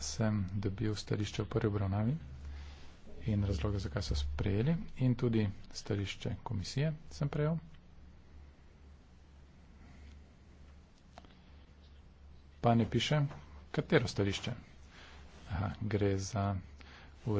sem dobil stališče v prvi obravnavi in razloge, zakaj so sprejeli in tudi stališče komisije sem prejel. Pa ne piše, katero stališče. Aha, gre za